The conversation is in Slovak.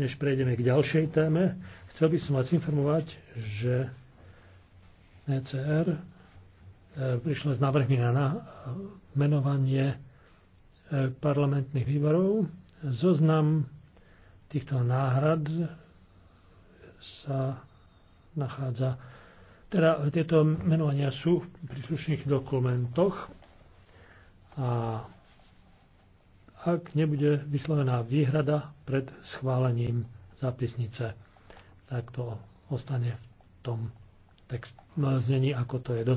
než prejdeme k ďalšej téme, chcel by som vás informovať, že ECR e, prišla s návrhmi na menovanie e, parlamentných výborov. Zoznam týchto náhrad sa nachádza. Teda tieto menovania sú v príslušných dokumentoch ak nebude vyslovená výhrada pred schválením zápisnice. Tak to ostane v tom text, znení, ako to je.